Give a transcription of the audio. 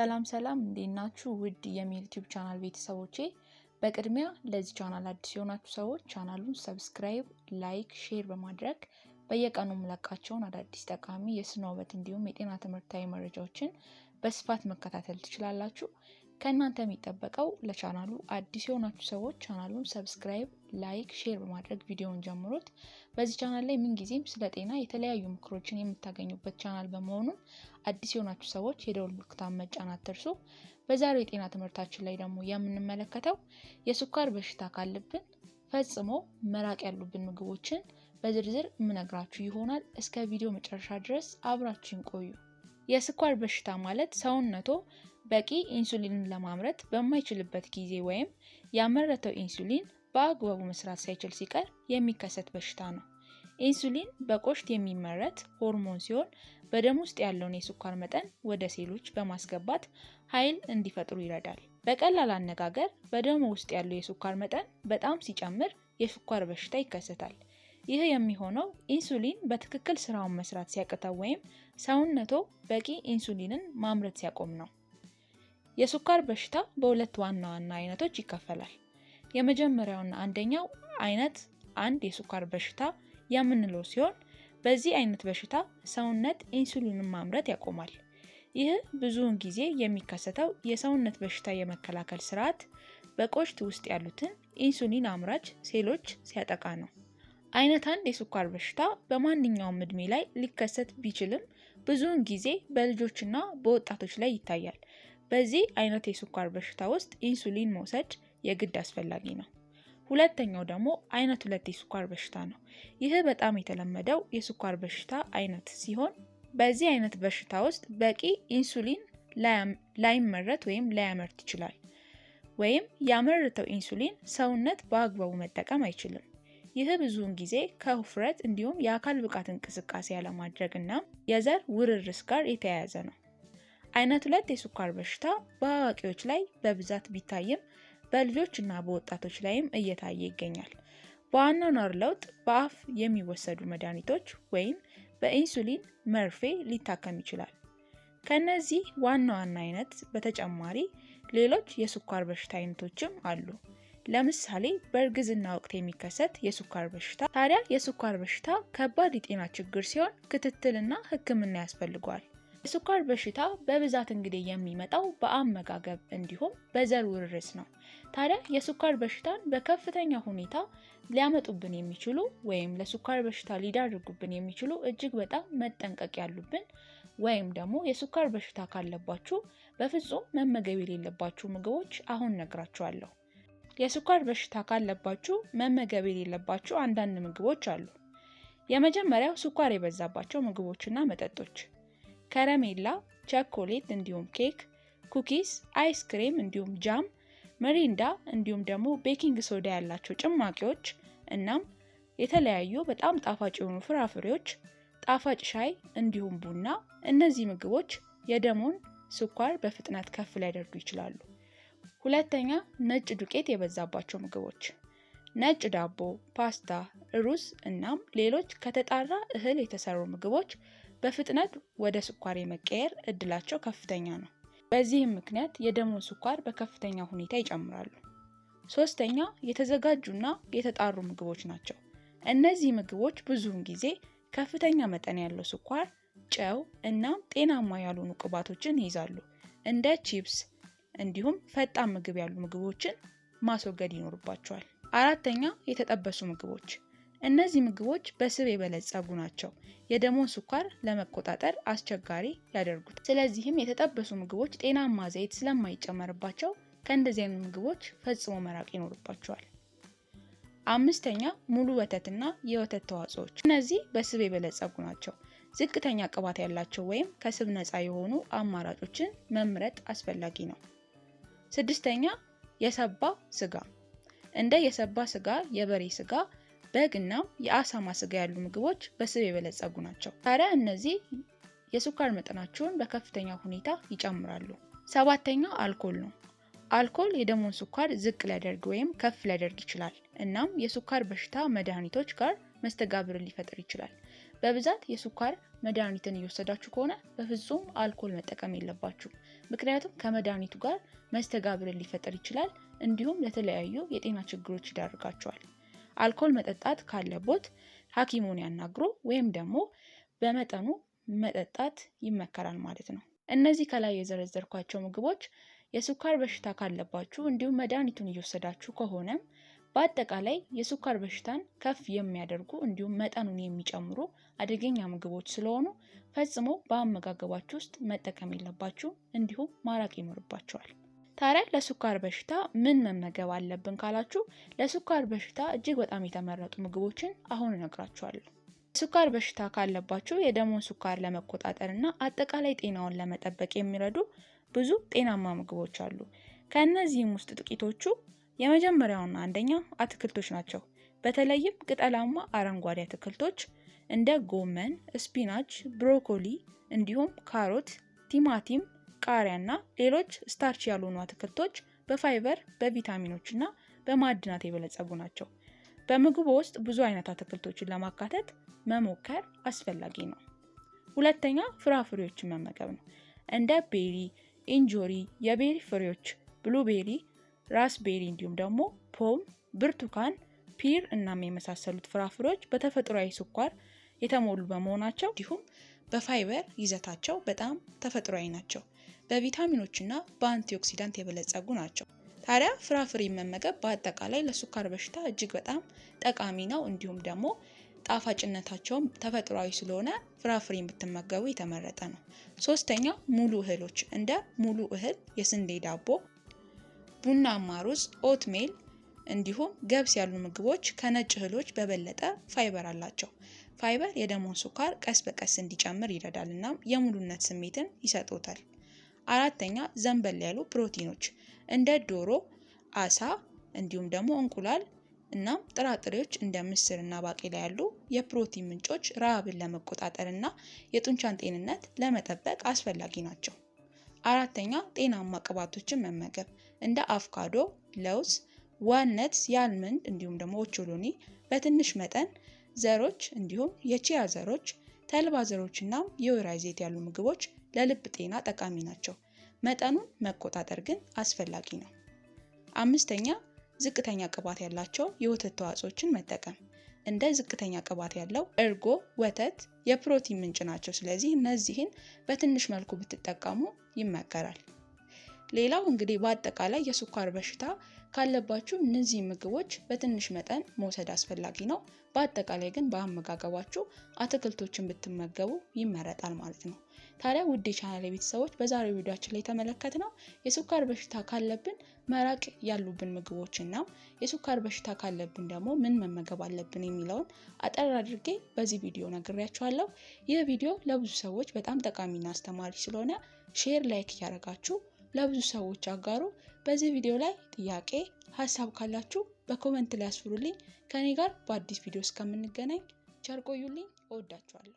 ሰላም ሰላም እንዴት ናችሁ? ውድ የሚል ዩቲዩብ ቻናል ቤተሰቦቼ፣ በቅድሚያ ለዚህ ቻናል አዲስ የሆናችሁ ሰዎች ቻናሉን ሰብስክራይብ፣ ላይክ፣ ሼር በማድረግ በየቀኑ የምለቃቸውን አዳዲስ ጠቃሚ የስነ ውበት እንዲሁም የጤና ትምህርታዊ መረጃዎችን በስፋት መከታተል ትችላላችሁ። ከእናንተ የሚጠበቀው ለቻናሉ አዲስ የሆናችሁ ሰዎች ቻናሉን ሰብስክራይብ፣ ላይክ፣ ሼር በማድረግ ቪዲዮውን ጀምሩት። በዚህ ቻናል ላይ ምንጊዜም ስለ ጤና የተለያዩ ምክሮችን የምታገኙበት ቻናል በመሆኑም አዲስ የሆናችሁ ሰዎች የደወል ምልክቱን መጫን አትርሱ። በዛሬው የጤና ትምህርታችን ላይ ደግሞ የምንመለከተው የስኳር በሽታ ካለብን ፈጽሞ መራቅ ያሉብን ምግቦችን በዝርዝር የምነግራችሁ ይሆናል። እስከ ቪዲዮ መጨረሻ ድረስ አብራችሁን ቆዩ። የስኳር በሽታ ማለት ሰውነቶ በቂ ኢንሱሊንን ለማምረት በማይችልበት ጊዜ ወይም ያመረተው ኢንሱሊን በአግባቡ መስራት ሳይችል ሲቀር የሚከሰት በሽታ ነው። ኢንሱሊን በቆሽት የሚመረት ሆርሞን ሲሆን በደም ውስጥ ያለውን የስኳር መጠን ወደ ሴሎች በማስገባት ኃይል እንዲፈጥሩ ይረዳል። በቀላል አነጋገር በደም ውስጥ ያለው የስኳር መጠን በጣም ሲጨምር የስኳር በሽታ ይከሰታል። ይህ የሚሆነው ኢንሱሊን በትክክል ስራውን መስራት ሲያቅተው ወይም ሰውነቶ በቂ ኢንሱሊንን ማምረት ሲያቆም ነው። የስኳር በሽታ በሁለት ዋና ዋና አይነቶች ይከፈላል። የመጀመሪያውና አንደኛው አይነት አንድ የስኳር በሽታ የምንለው ሲሆን በዚህ አይነት በሽታ ሰውነት ኢንሱሊንን ማምረት ያቆማል። ይህ ብዙውን ጊዜ የሚከሰተው የሰውነት በሽታ የመከላከል ስርዓት በቆሽት ውስጥ ያሉትን ኢንሱሊን አምራች ሴሎች ሲያጠቃ ነው። አይነት አንድ የስኳር በሽታ በማንኛውም እድሜ ላይ ሊከሰት ቢችልም ብዙውን ጊዜ በልጆችና በወጣቶች ላይ ይታያል። በዚህ አይነት የስኳር በሽታ ውስጥ ኢንሱሊን መውሰድ የግድ አስፈላጊ ነው። ሁለተኛው ደግሞ አይነት ሁለት የስኳር በሽታ ነው። ይህ በጣም የተለመደው የስኳር በሽታ አይነት ሲሆን በዚህ አይነት በሽታ ውስጥ በቂ ኢንሱሊን ላይመረት ወይም ላያመርት ይችላል። ወይም ያመረተው ኢንሱሊን ሰውነት በአግባቡ መጠቀም አይችልም። ይህ ብዙውን ጊዜ ከውፍረት እንዲሁም የአካል ብቃት እንቅስቃሴ ያለማድረግ እና የዘር ውርርስ ጋር የተያያዘ ነው። አይነት ሁለት የስኳር በሽታ በአዋቂዎች ላይ በብዛት ቢታይም በልጆች እና በወጣቶች ላይም እየታየ ይገኛል። በአኗኗር ለውጥ በአፍ የሚወሰዱ መድኃኒቶች ወይም በኢንሱሊን መርፌ ሊታከም ይችላል። ከእነዚህ ዋና ዋና አይነት በተጨማሪ ሌሎች የስኳር በሽታ አይነቶችም አሉ። ለምሳሌ በእርግዝና ወቅት የሚከሰት የስኳር በሽታ። ታዲያ የስኳር በሽታ ከባድ የጤና ችግር ሲሆን ክትትልና ሕክምና ያስፈልገዋል። የስኳር በሽታ በብዛት እንግዲህ የሚመጣው በአመጋገብ እንዲሁም በዘር ውርርስ ነው። ታዲያ የስኳር በሽታን በከፍተኛ ሁኔታ ሊያመጡብን የሚችሉ ወይም ለስኳር በሽታ ሊዳርጉብን የሚችሉ እጅግ በጣም መጠንቀቅ ያሉብን ወይም ደግሞ የስኳር በሽታ ካለባችሁ በፍጹም መመገብ የሌለባችሁ ምግቦች አሁን ነግራችኋለሁ። የስኳር በሽታ ካለባችሁ መመገብ የሌለባችሁ አንዳንድ ምግቦች አሉ። የመጀመሪያው ስኳር የበዛባቸው ምግቦችና መጠጦች ከረሜላ፣ ቸኮሌት እንዲሁም ኬክ፣ ኩኪስ፣ አይስክሬም እንዲሁም ጃም፣ ምሪንዳ እንዲሁም ደግሞ ቤኪንግ ሶዳ ያላቸው ጭማቂዎች እናም የተለያዩ በጣም ጣፋጭ የሆኑ ፍራፍሬዎች፣ ጣፋጭ ሻይ እንዲሁም ቡና። እነዚህ ምግቦች የደሞን ስኳር በፍጥነት ከፍ ሊያደርጉ ይችላሉ። ሁለተኛ ነጭ ዱቄት የበዛባቸው ምግቦች፣ ነጭ ዳቦ፣ ፓስታ፣ ሩዝ እናም ሌሎች ከተጣራ እህል የተሰሩ ምግቦች በፍጥነት ወደ ስኳር የመቀየር እድላቸው ከፍተኛ ነው። በዚህም ምክንያት የደሙን ስኳር በከፍተኛ ሁኔታ ይጨምራሉ። ሶስተኛ የተዘጋጁና የተጣሩ ምግቦች ናቸው። እነዚህ ምግቦች ብዙውን ጊዜ ከፍተኛ መጠን ያለው ስኳር፣ ጨው እናም ጤናማ ያልሆኑ ቅባቶችን ይይዛሉ። እንደ ቺፕስ እንዲሁም ፈጣን ምግብ ያሉ ምግቦችን ማስወገድ ይኖርባቸዋል። አራተኛ የተጠበሱ ምግቦች እነዚህ ምግቦች በስብ የበለጸጉ ናቸው፣ የደሞን ስኳር ለመቆጣጠር አስቸጋሪ ያደርጉት። ስለዚህም የተጠበሱ ምግቦች ጤናማ ዘይት ስለማይጨመርባቸው ከእንደዚህ አይነት ምግቦች ፈጽሞ መራቅ ይኖርባቸዋል። አምስተኛ ሙሉ ወተትና የወተት ተዋጽኦዎች እነዚህ በስብ የበለጸጉ ናቸው። ዝቅተኛ ቅባት ያላቸው ወይም ከስብ ነፃ የሆኑ አማራጮችን መምረጥ አስፈላጊ ነው። ስድስተኛ የሰባ ስጋ። እንደ የሰባ ስጋ፣ የበሬ ስጋ፣ በግ እና የአሳማ ስጋ ያሉ ምግቦች በስብ የበለጸጉ ናቸው። ታዲያ እነዚህ የስኳር መጠናቸውን በከፍተኛ ሁኔታ ይጨምራሉ። ሰባተኛው አልኮል ነው። አልኮል የደሞን ስኳር ዝቅ ሊያደርግ ወይም ከፍ ሊያደርግ ይችላል። እናም የስኳር በሽታ መድኃኒቶች ጋር መስተጋብርን ሊፈጥር ይችላል። በብዛት የስኳር መድኃኒትን እየወሰዳችሁ ከሆነ በፍጹም አልኮል መጠቀም የለባችሁ፣ ምክንያቱም ከመድኃኒቱ ጋር መስተጋብርን ሊፈጥር ይችላል። እንዲሁም ለተለያዩ የጤና ችግሮች ይዳርጋቸዋል። አልኮል መጠጣት ካለቦት ሐኪሙን ያናግሩ ወይም ደግሞ በመጠኑ መጠጣት ይመከራል ማለት ነው። እነዚህ ከላይ የዘረዘርኳቸው ምግቦች የስኳር በሽታ ካለባችሁ እንዲሁም መድኃኒቱን እየወሰዳችሁ ከሆነም በአጠቃላይ የስኳር በሽታን ከፍ የሚያደርጉ እንዲሁም መጠኑን የሚጨምሩ አደገኛ ምግቦች ስለሆኑ ፈጽሞ በአመጋገባችሁ ውስጥ መጠቀም የለባችሁ እንዲሁም ማራቅ ይኖርባቸዋል። ታዲያ ለስኳር በሽታ ምን መመገብ አለብን ካላችሁ ለስኳር በሽታ እጅግ በጣም የተመረጡ ምግቦችን አሁን እነግራችኋለሁ። ስኳር በሽታ ካለባችሁ የደሞን ስኳር ለመቆጣጠር እና አጠቃላይ ጤናውን ለመጠበቅ የሚረዱ ብዙ ጤናማ ምግቦች አሉ። ከእነዚህም ውስጥ ጥቂቶቹ የመጀመሪያውና አንደኛ አትክልቶች ናቸው። በተለይም ቅጠላማ አረንጓዴ አትክልቶች እንደ ጎመን፣ ስፒናች፣ ብሮኮሊ እንዲሁም ካሮት፣ ቲማቲም፣ ቃሪያና ሌሎች ስታርች ያልሆኑ አትክልቶች በፋይበር በቪታሚኖች እና በማዕድናት የበለጸጉ ናቸው። በምግቡ ውስጥ ብዙ አይነት አትክልቶችን ለማካተት መሞከር አስፈላጊ ነው። ሁለተኛ ፍራፍሬዎችን መመገብ ነው። እንደ ቤሪ፣ እንጆሪ፣ የቤሪ ፍሬዎች፣ ብሉቤሪ፣ ቤሪ እንዲሁም ደግሞ ፖም፣ ብርቱካን፣ ፒር እናም የመሳሰሉት ፍራፍሬዎች በተፈጥሯዊ ስኳር የተሞሉ በመሆናቸው እንዲሁም በፋይበር ይዘታቸው በጣም ተፈጥሯዊ ናቸው። በቪታሚኖችና በአንቲኦክሲዳንት የበለጸጉ ናቸው። ታዲያ ፍራፍሬ መመገብ በአጠቃላይ ለሱካር በሽታ እጅግ በጣም ጠቃሚ ነው። እንዲሁም ደግሞ ጣፋጭነታቸውም ተፈጥሯዊ ስለሆነ ፍራፍሬ የምትመገቡ የተመረጠ ነው። ሶስተኛ ሙሉ እህሎች እንደ ሙሉ እህል፣ የስንዴ ዳቦ፣ ቡናማ ሩዝ፣ ኦትሜል እንዲሁም ገብስ ያሉ ምግቦች ከነጭ እህሎች በበለጠ ፋይበር አላቸው። ፋይበር የደሞን ሱካር ቀስ በቀስ እንዲጨምር ይረዳል እናም የሙሉነት ስሜትን ይሰጡታል። አራተኛ ዘንበል ያሉ ፕሮቲኖች እንደ ዶሮ፣ አሳ እንዲሁም ደግሞ እንቁላል እና ጥራጥሬዎች እንደ ምስር እና ባቄላ ያሉ የፕሮቲን ምንጮች ረሃብን ለመቆጣጠር እና የጡንቻን ጤንነት ለመጠበቅ አስፈላጊ ናቸው። አራተኛ ጤናማ ቅባቶችን መመገብ እንደ አቮካዶ፣ ለውዝ፣ ዋነት፣ የአልመንድ እንዲሁም ደግሞ ኦቾሎኒ በትንሽ መጠን ዘሮች እንዲሁም የቺያ ዘሮች ተልባ እና የወይራ ዘይት ያሉ ምግቦች ለልብ ጤና ጠቃሚ ናቸው። መጠኑን መቆጣጠር ግን አስፈላጊ ነው። አምስተኛ ዝቅተኛ ቅባት ያላቸው የወተት ተዋጽኦችን መጠቀም። እንደ ዝቅተኛ ቅባት ያለው እርጎ፣ ወተት የፕሮቲን ምንጭ ናቸው። ስለዚህ እነዚህን በትንሽ መልኩ ብትጠቀሙ ይመከራል። ሌላው እንግዲህ በአጠቃላይ የስኳር በሽታ ካለባችሁ እነዚህ ምግቦች በትንሽ መጠን መውሰድ አስፈላጊ ነው። በአጠቃላይ ግን በአመጋገባችሁ አትክልቶችን ብትመገቡ ይመረጣል ማለት ነው። ታዲያ ውድ የቻናል ቤተሰቦች በዛሬው ቪዲዮችን ላይ የተመለከትነው የስኳር በሽታ ካለብን መራቅ ያሉብን ምግቦች እና የስኳር በሽታ ካለብን ደግሞ ምን መመገብ አለብን የሚለውን አጠር አድርጌ በዚህ ቪዲዮ ነግሬያችኋለሁ። ይህ ቪዲዮ ለብዙ ሰዎች በጣም ጠቃሚና አስተማሪ ስለሆነ ሼር፣ ላይክ እያደረጋችሁ ለብዙ ሰዎች አጋሩ። በዚህ ቪዲዮ ላይ ጥያቄ፣ ሀሳብ ካላችሁ በኮመንት ላይ አስፍሩልኝ። ከኔ ጋር በአዲስ ቪዲዮ እስከምንገናኝ ቸር ቆዩልኝ። እወዳችኋለሁ።